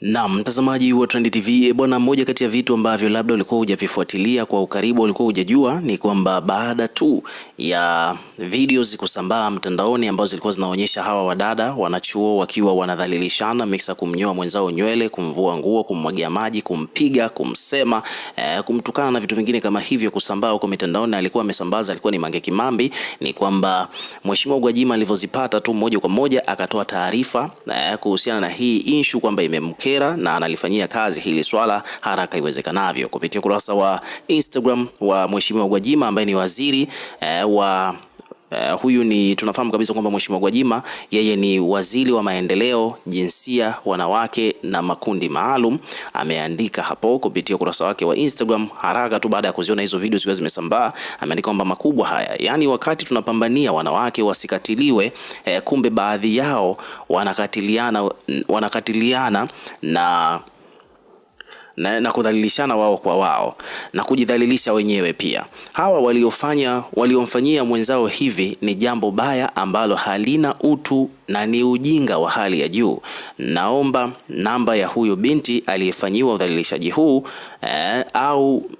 Na mtazamaji wa Trend TV eh, bwana, mmoja kati ya vitu ambavyo labda ulikuwa hujavifuatilia kwa ukaribu, ulikuwa hujajua ni kwamba baada tu ya video zikusambaa mtandaoni ambazo zilikuwa zinaonyesha hawa wadada wanachuo wakiwa wanadhalilishana, mixa, kumnyoa mwenzao nywele, kumvua nguo, kummwagia maji, kumpiga, kumsema eh, kumtukana na vitu vingine kama hivyo kusambaa huko mitandaoni, alikuwa amesambaza, alikuwa ni Mange Kimambi, ni kwamba Mheshimiwa Gwajima alivyozipata tu moja kwa moja akatoa taarifa eh, kuhusiana na hii issue kwamba imemke linalokera na analifanyia kazi hili swala haraka iwezekanavyo kupitia ukurasa wa Instagram wa Mheshimiwa Gwajima ambaye ni waziri eh, wa Uh, huyu ni tunafahamu kabisa kwamba Mheshimiwa Gwajima yeye ni waziri wa maendeleo, jinsia, wanawake na makundi maalum. Ameandika hapo kupitia ukurasa wake wa Instagram haraka tu baada ya kuziona hizo video zikiwa zimesambaa, ameandika kwamba makubwa haya, yaani wakati tunapambania wanawake wasikatiliwe, eh, kumbe baadhi yao wanakatiliana wanakatiliana na na, na kudhalilishana wao kwa wao na kujidhalilisha wenyewe pia. Hawa waliofanya waliomfanyia mwenzao hivi ni jambo baya ambalo halina utu na ni ujinga wa hali ya juu. Naomba namba ya huyo binti aliyefanyiwa udhalilishaji huu eh, au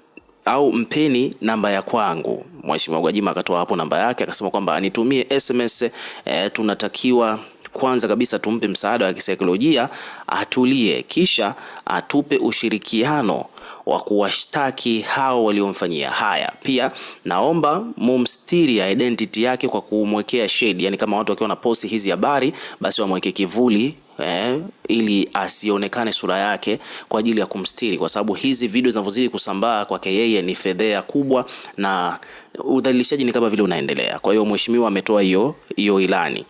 au mpeni namba ya kwangu. Mheshimiwa Gwajima akatoa hapo namba yake akasema kwamba anitumie SMS eh, tunatakiwa kwanza kabisa tumpe msaada wa kisaikolojia atulie, kisha atupe ushirikiano wa kuwashtaki hao waliomfanyia haya. Pia naomba mumstiri ya identity yake kwa kumwekea shade, yani kama watu wakiwa na posti hizi habari, basi wamweke kivuli eh, ili asionekane sura yake kwa ajili ya kumstiri, kwa sababu hizi video zinavyozidi kusambaa kwake yeye ni fedhea kubwa na udhalilishaji ni kama vile unaendelea. Kwa hiyo mheshimiwa ametoa hiyo hiyo ilani.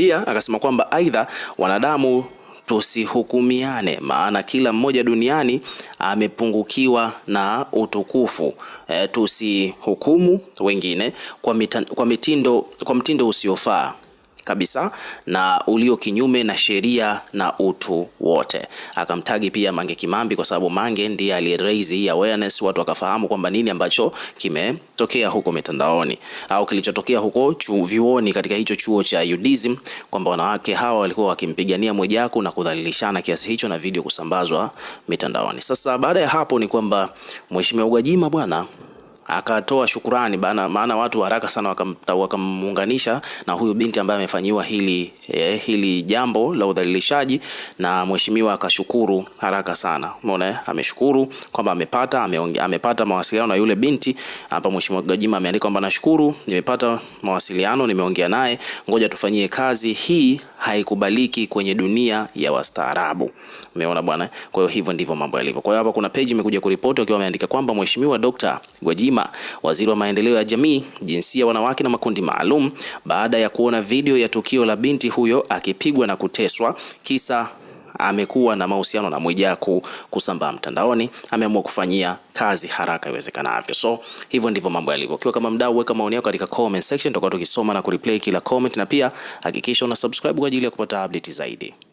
Pia akasema kwamba aidha, wanadamu tusihukumiane, maana kila mmoja duniani amepungukiwa na utukufu. E, tusihukumu wengine kwa, mitindo, kwa mtindo usiofaa kabisa na ulio kinyume na sheria na utu wote. Akamtagi pia Mange Kimambi kwa sababu Mange ndiye aliyeraise awareness, watu wakafahamu kwamba nini ambacho kimetokea huko mitandaoni au kilichotokea huko chuo vyuoni katika hicho chuo cha UDSM, kwamba wanawake hawa walikuwa wakimpigania Mwijaku na kudhalilishana kiasi hicho na video kusambazwa mitandaoni. Sasa baada ya hapo ni kwamba Mheshimiwa Gwajima bwana akatoa shukurani bana, maana watu haraka sana wakamuunganisha waka na huyu binti ambaye amefanyiwa hili, eh, hili jambo la udhalilishaji, na mheshimiwa akashukuru haraka sana. Umeona, eh, ameshukuru kwamba amepata ameonge, amepata mawasiliano na yule binti hapa. Mheshimiwa Gwajima ameandika kwamba nashukuru, nimepata mawasiliano, nimeongea naye, ngoja tufanyie kazi hii haikubaliki kwenye dunia ya wastaarabu. Umeona bwana, kwa hiyo hivyo ndivyo mambo yalivyo. Kwa hiyo hapa kuna page imekuja kuripoti wakiwa wameandika kwamba Mheshimiwa Dr. Gwajima, waziri wa maendeleo ya jamii, jinsia, wanawake na makundi maalum, baada ya kuona video ya tukio la binti huyo akipigwa na kuteswa kisa amekuwa na mahusiano na Mwijaku kusambaa mtandaoni, ameamua kufanyia kazi haraka iwezekanavyo. So hivyo ndivyo mambo yalivyo. Ukiwa kama mdau, weka maoni yako katika comment section, tutakuwa tukisoma na kureplay kila comment, na pia hakikisha una subscribe kwa ajili ya kupata update zaidi.